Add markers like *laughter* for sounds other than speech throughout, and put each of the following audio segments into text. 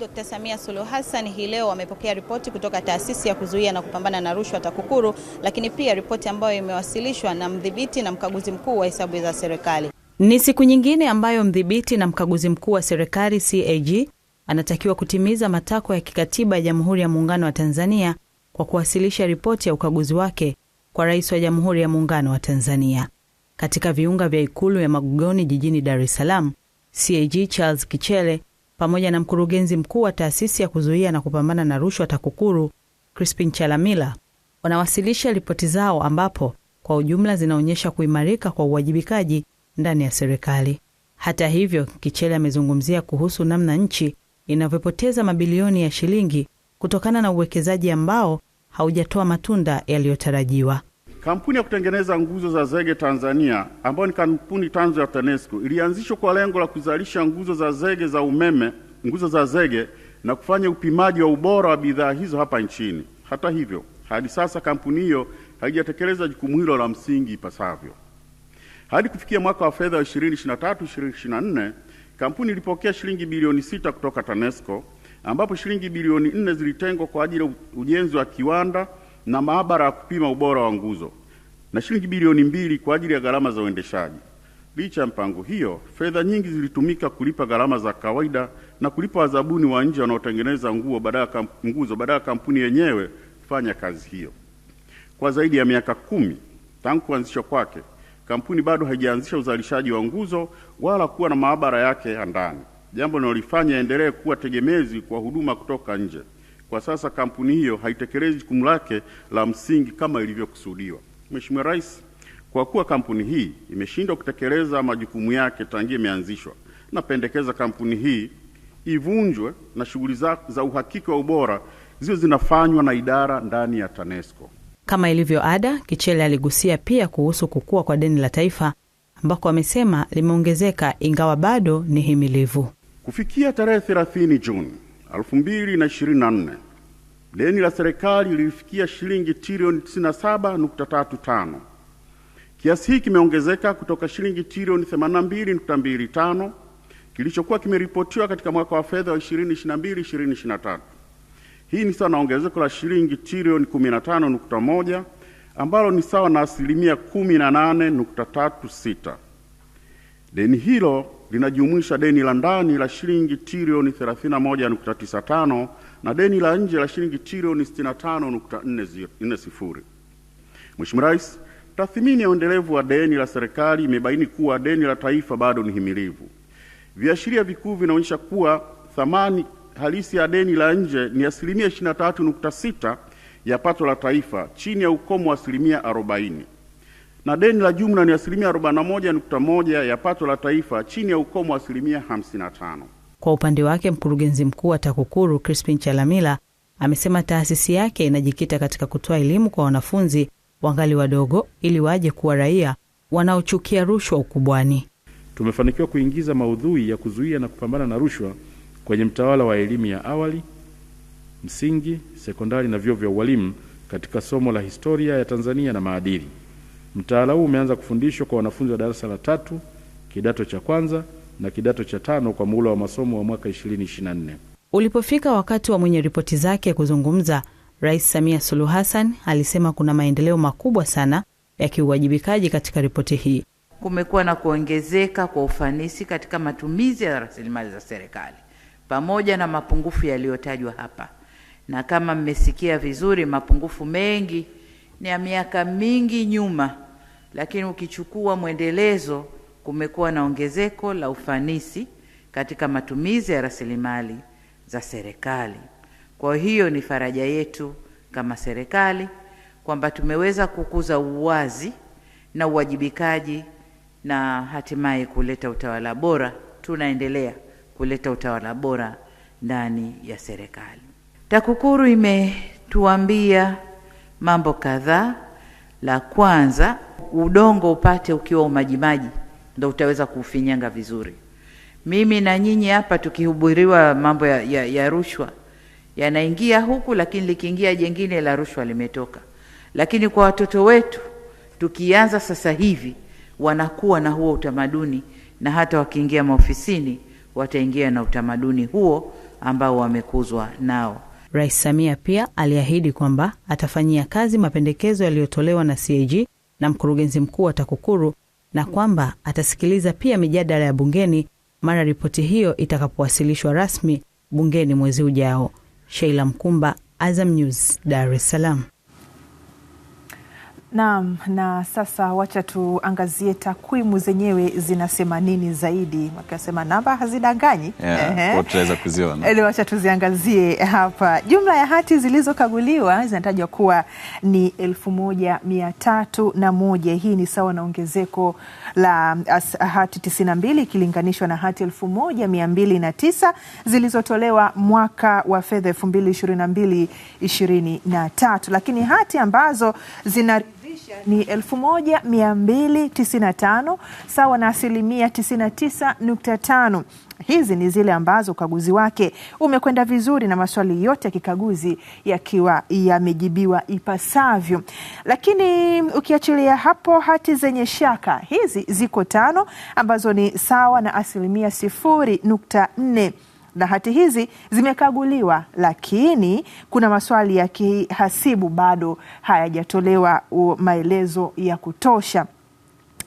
Dkt. Samia Suluhu Hassan hii leo amepokea ripoti kutoka taasisi ya kuzuia na kupambana na rushwa TAKUKURU, lakini pia ripoti ambayo imewasilishwa na mdhibiti na mkaguzi mkuu wa hesabu za serikali. Ni siku nyingine ambayo mdhibiti na mkaguzi mkuu wa serikali CAG anatakiwa kutimiza matakwa ya kikatiba ya Jamhuri ya Muungano wa Tanzania kwa kuwasilisha ripoti ya ukaguzi wake kwa Rais wa Jamhuri ya Muungano wa Tanzania katika viunga vya ikulu ya Magogoni jijini Dar es Salaam, CAG Charles Kichele pamoja na mkurugenzi mkuu wa taasisi ya kuzuia na kupambana na rushwa TAKUKURU Crispin Chalamila wanawasilisha ripoti zao ambapo kwa ujumla zinaonyesha kuimarika kwa uwajibikaji ndani ya serikali. Hata hivyo, Kichele amezungumzia kuhusu namna nchi inavyopoteza mabilioni ya shilingi kutokana na uwekezaji ambao haujatoa matunda yaliyotarajiwa. Kampuni ya kutengeneza nguzo za zege Tanzania ambayo ni kampuni tanzo ya TANESCO ilianzishwa kwa lengo la kuzalisha nguzo za zege za umeme, nguzo za zege na kufanya upimaji wa ubora wa bidhaa hizo hapa nchini. Hata hivyo, hadi sasa kampuni hiyo haijatekeleza jukumu hilo la msingi ipasavyo. Hadi kufikia mwaka wa fedha wa 2023/2024 kampuni ilipokea shilingi bilioni sita kutoka TANESCO ambapo shilingi bilioni nne zilitengwa kwa ajili ya ujenzi wa kiwanda na maabara ya kupima ubora wa nguzo na shilingi bilioni mbili kwa ajili ya gharama za uendeshaji. Licha ya mpango hiyo, fedha nyingi zilitumika kulipa gharama za kawaida na kulipa wazabuni wa nje wanaotengeneza nguo badala nguzo badala ya kampuni yenyewe kufanya kazi hiyo. Kwa zaidi ya miaka kumi tangu kuanzishwa kwake, kampuni bado haijaanzisha uzalishaji wa nguzo wala kuwa na maabara yake ya ndani, jambo linalolifanya endelee kuwa tegemezi kwa huduma kutoka nje. Kwa sasa kampuni hiyo haitekelezi jukumu lake la msingi kama ilivyokusudiwa. Mheshimiwa Rais, kwa kuwa kampuni hii imeshindwa kutekeleza majukumu yake tangia imeanzishwa, napendekeza kampuni hii ivunjwe na shughuli za, za uhakiki wa ubora zio zinafanywa na idara ndani ya TANESCO. Kama ilivyo ada, Kichele aligusia pia kuhusu kukua kwa deni la taifa ambako amesema limeongezeka ingawa bado ni himilivu. Kufikia tarehe 30 Juni 2024 Deni la serikali lilifikia shilingi trilioni 97.35. Kiasi hiki kimeongezeka kutoka shilingi trilioni 82.25 kilichokuwa kimeripotiwa katika mwaka wa fedha wa 2022/2023. Hii ni sawa na ongezeko la shilingi trilioni 15.1 ambalo ni sawa na asilimia 18.36. Deni hilo linajumuisha deni la ndani la shilingi trilioni 31.95 na deni la nje la shilingi trilioni 65.40. Mheshimiwa Rais, tathmini ya uendelevu wa deni la serikali imebaini kuwa deni la taifa bado ni himilivu. Viashiria vikuu vinaonyesha kuwa thamani halisi ya deni la nje ni asilimia 23.6 ya pato la taifa chini ya ukomo wa asilimia 40 na deni la jumla ni asilimia 41.1 ya pato la taifa chini ya ukomo wa asilimia 55. Kwa upande wake mkurugenzi mkuu wa TAKUKURU Crispin Chalamila amesema taasisi yake inajikita katika kutoa elimu kwa wanafunzi wangali wadogo ili waje kuwa raia wanaochukia rushwa ukubwani. Tumefanikiwa kuingiza maudhui ya kuzuia na kupambana na rushwa kwenye mtawala wa elimu ya awali, msingi, sekondari na vyuo vya ualimu katika somo la historia ya Tanzania na maadili. Mtaala huu umeanza kufundishwa kwa wanafunzi wa darasa la tatu, kidato cha kwanza na kidato cha tano kwa muhula wa masomo wa mwaka 2024. Ulipofika wakati wa mwenye ripoti zake kuzungumza, Rais Samia Suluhu Hassan alisema kuna maendeleo makubwa sana ya kiuwajibikaji katika ripoti hii. Kumekuwa na kuongezeka kwa ufanisi katika matumizi ya rasilimali za serikali pamoja na mapungufu yaliyotajwa hapa, na kama mmesikia vizuri, mapungufu mengi ni ya miaka mingi nyuma, lakini ukichukua mwendelezo kumekuwa na ongezeko la ufanisi katika matumizi ya rasilimali za serikali. Kwa hiyo ni faraja yetu kama serikali kwamba tumeweza kukuza uwazi na uwajibikaji na hatimaye kuleta utawala bora. Tunaendelea kuleta utawala bora ndani ya serikali. TAKUKURU imetuambia mambo kadhaa. La kwanza, udongo upate ukiwa umajimaji ndo utaweza kuufinyanga vizuri. Mimi na nyinyi hapa tukihubiriwa mambo ya, ya, ya rushwa yanaingia huku, lakini likiingia jengine la rushwa limetoka. Lakini kwa watoto wetu tukianza sasa hivi, wanakuwa na huo utamaduni, na hata wakiingia maofisini wataingia na utamaduni huo ambao wamekuzwa nao. Rais Samia pia aliahidi kwamba atafanyia kazi mapendekezo yaliyotolewa na CAG na mkurugenzi mkuu wa TAKUKURU na kwamba atasikiliza pia mijadala ya bungeni mara ripoti hiyo itakapowasilishwa rasmi bungeni mwezi ujao. Sheila Mkumba, Azam News, Dar es Salaam. Naam, na sasa wacha tuangazie takwimu zenyewe zinasema nini zaidi, wakisema namba hazidanganyi. Yeah, Wacha tuziangazie hapa. Jumla ya hati zilizokaguliwa zinatajwa kuwa ni elfu moja mia tatu na moja. Hii ni sawa na ongezeko la hati tisini na mbili ikilinganishwa na hati elfu moja mia mbili na tisa zilizotolewa mwaka wa fedha elfu mbili ishirini na mbili ishirini na tatu, lakini hati ambazo zina ni 1295 sawa na asilimia 99.5. Hizi ni zile ambazo ukaguzi wake umekwenda vizuri na maswali yote ya kikaguzi yakiwa yamejibiwa ipasavyo. Lakini ukiachilia hapo, hati zenye shaka hizi ziko tano ambazo ni sawa na asilimia sifuri nukta nne na hati hizi zimekaguliwa, lakini kuna maswali ya kihasibu bado hayajatolewa maelezo ya kutosha.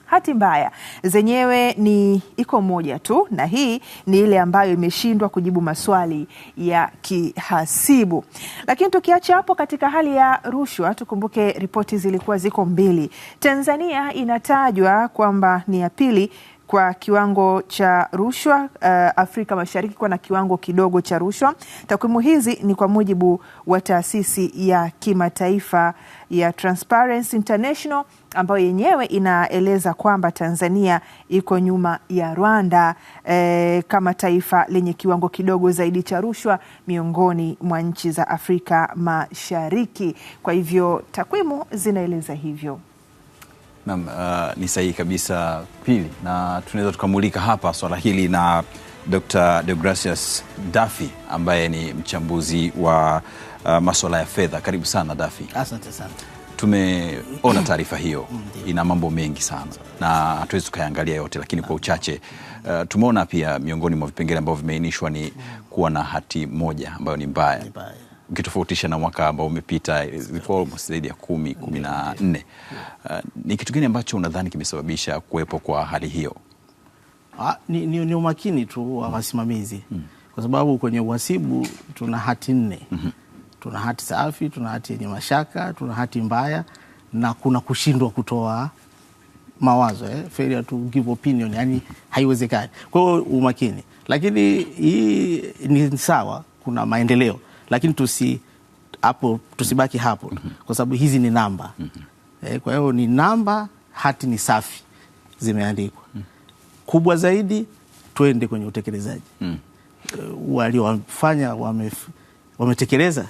Hati mbaya zenyewe ni iko moja tu, na hii ni ile ambayo imeshindwa kujibu maswali ya kihasibu. Lakini tukiacha hapo, katika hali ya rushwa, tukumbuke ripoti zilikuwa ziko mbili. Tanzania inatajwa kwamba ni ya pili kwa kiwango cha rushwa uh, Afrika Mashariki kwa na kiwango kidogo cha rushwa. Takwimu hizi ni kwa mujibu wa taasisi ya kimataifa ya Transparency International ambayo yenyewe inaeleza kwamba Tanzania iko nyuma ya Rwanda eh, kama taifa lenye kiwango kidogo zaidi cha rushwa miongoni mwa nchi za Afrika Mashariki. Kwa hivyo takwimu zinaeleza hivyo. Naam, uh, ni sahihi kabisa pili, na tunaweza tukamulika hapa swala hili na Dr. Deogracius Dafi ambaye ni mchambuzi wa uh, masuala ya fedha. Karibu sana Dafi. Asante sana. Tumeona *clears throat* taarifa hiyo mm, ina mambo mengi sana na hatuwezi tukayangalia yote, lakini kwa uchache uh, tumeona pia miongoni mwa vipengele ambavyo vimeainishwa ni mm. kuwa na hati moja ambayo ni mbaya ukitofautisha na mwaka ambao umepita ilikuwa almost zaidi ya kumi, kumi na nne. Uh, ni kitu gani ambacho unadhani kimesababisha kuwepo kwa hali hiyo? Ha, ah, ni, ni, ni umakini tu wa mm. wasimamizi mm. kwa sababu kwenye uhasibu tuna hati nne mm -hmm. tuna hati safi, tuna hati yenye mashaka, tuna hati mbaya na kuna kushindwa kutoa mawazo eh? failure to give opinion, yani haiwezekani. Kwa hiyo umakini, lakini hii ni sawa, kuna maendeleo lakini tusi hapo tusibaki hapo mm -hmm. kwa sababu hizi ni namba mm -hmm. e, kwa hiyo ni namba, hati ni safi zimeandikwa mm -hmm. kubwa zaidi, twende kwenye utekelezaji mm -hmm. Eh, e, waliofanya wame, wametekeleza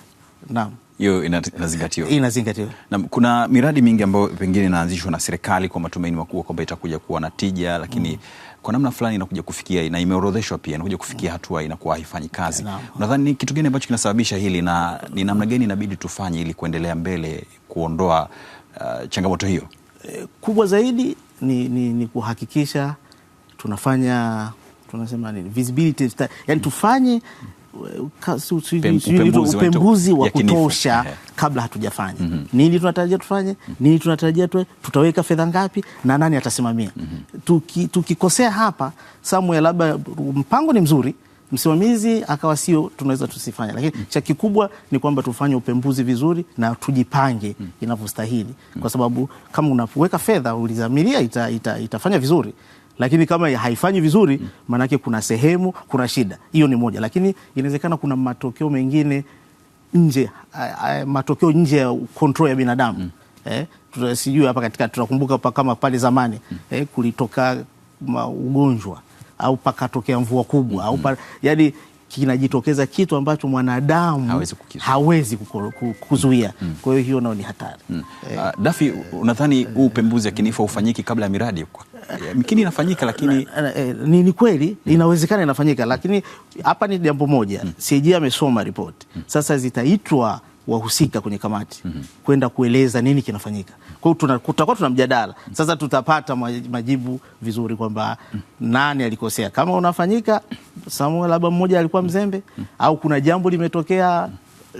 naam hiyo inazingatiwa, inazingatiwa. Na kuna miradi mingi ambayo pengine inaanzishwa na serikali kwa matumaini makubwa kwamba itakuja kuwa na tija, lakini mm. kwa namna fulani inakuja kufikia na imeorodheshwa pia inakuja kufikia mm. hatua inakuwa haifanyi kazi. Unadhani ni kitu gani ambacho kinasababisha hili na ni namna gani inabidi tufanye ili kuendelea mbele kuondoa uh, changamoto hiyo? Eh, kubwa zaidi ni, ni, ni kuhakikisha tunafanya tunasema ni visibility, yani tufanye mm upembuzi wa kutosha kabla hatujafanya mhm. Nini tunatarajia tufanye, mhm. nini tunatarajia tuwe, tutaweka fedha ngapi na nani atasimamia mhm. Tukikosea tuki hapa samue labda mpango ni mzuri msimamizi akawa sio, tunaweza tusifanya, lakini cha kikubwa ni kwamba tufanye upembuzi vizuri na tujipange inavyostahili kwa sababu kama unaweka fedha ulizamiria ita, ita, itafanya vizuri lakini kama haifanyi vizuri maanake kuna sehemu kuna shida. Hiyo ni moja, lakini inawezekana kuna matokeo mengine nje, matokeo nje ya kontrol ya binadamu mm. Eh, sijui hapa katika tunakumbuka kama pale zamani mm. eh, kulitoka ugonjwa au pakatokea mvua kubwa mm -hmm. au yani kinajitokeza kitu ambacho mwanadamu hawezi, hawezi kuzuia mm. mm. Kwa hiyo hiyo nao ni hatari mm. Eh, ah, Dafi, unadhani huu uh, upembuzi yakinifu ufanyiki kabla ya miradi mkini eh, inafanyika lakini na, na, eh, ni, ni kweli mm. Inawezekana inafanyika lakini hapa ni jambo moja mm. CAG amesoma ripoti mm. Sasa zitaitwa wahusika kwenye kamati mm -hmm. kwenda kueleza nini kinafanyika. Kwa hiyo tutakuwa tuna mjadala sasa, tutapata majibu vizuri kwamba nani alikosea, kama unafanyika Samuel, labda mmoja alikuwa mzembe mm -hmm. au kuna jambo limetokea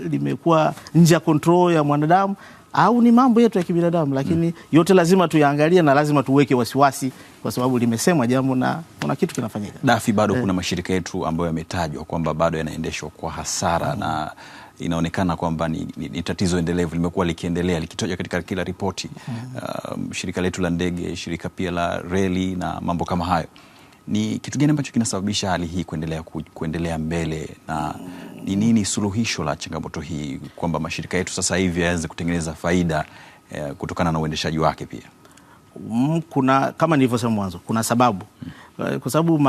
limekuwa nje ya control ya mwanadamu au ni mambo yetu ya kibinadamu, lakini mm. yote lazima tuyaangalie na lazima tuweke wasiwasi, kwa sababu limesemwa jambo na kuna kitu kinafanyika. Dafi, bado eh, kuna mashirika yetu ambayo yametajwa kwamba bado yanaendeshwa kwa hasara mm. na inaonekana kwamba ni, ni, ni tatizo endelevu, limekuwa likiendelea likitoja katika kila ripoti mm uh, shirika letu la ndege, shirika pia la reli na mambo kama hayo. Ni kitu gani ambacho kinasababisha hali hii kuendelea ku, kuendelea mbele na ni nini suluhisho la changamoto hii kwamba mashirika yetu sasa hivi yaanze kutengeneza faida eh, kutokana na uendeshaji wake pia? Mm, kuna kama nilivyosema mwanzo, kuna sababu mm kwa sababu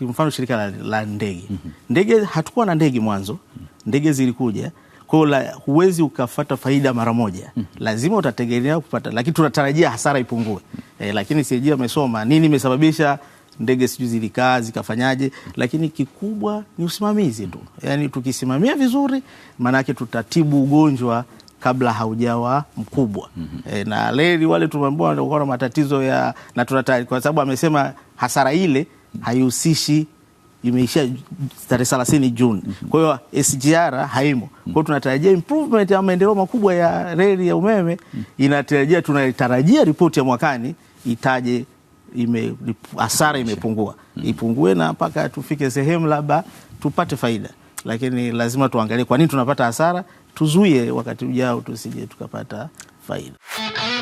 mfano shirika la, la ndege mm -hmm. ndege hatukuwa na ndege mwanzo ndege zilikuja kwa huwezi ukafata faida mara moja mm. Lazima utategemea kupata, lakini tunatarajia hasara ipungue e, lakini sijui amesoma nini imesababisha ndege sijui zilikaa zikafanyaje, lakini kikubwa ni usimamizi tu, yaani tukisimamia vizuri, maanake tutatibu ugonjwa kabla haujawa mkubwa mm -hmm. E, na leli wale tumeambiwa na matatizo ya na tunatari, kwa sababu amesema hasara ile haihusishi imeishia tarehe 30 Juni. Kwa hiyo SGR haimo. Kwa hiyo tunatarajia improvement ya maendeleo makubwa ya reli ya umeme inatarajia, tunatarajia ripoti ya mwakani itaje ime, hasara imepungua ipungue na mpaka tufike sehemu labda tupate faida, lakini lazima tuangalie kwa nini tunapata hasara, tuzuie wakati ujao tusije tukapata faida.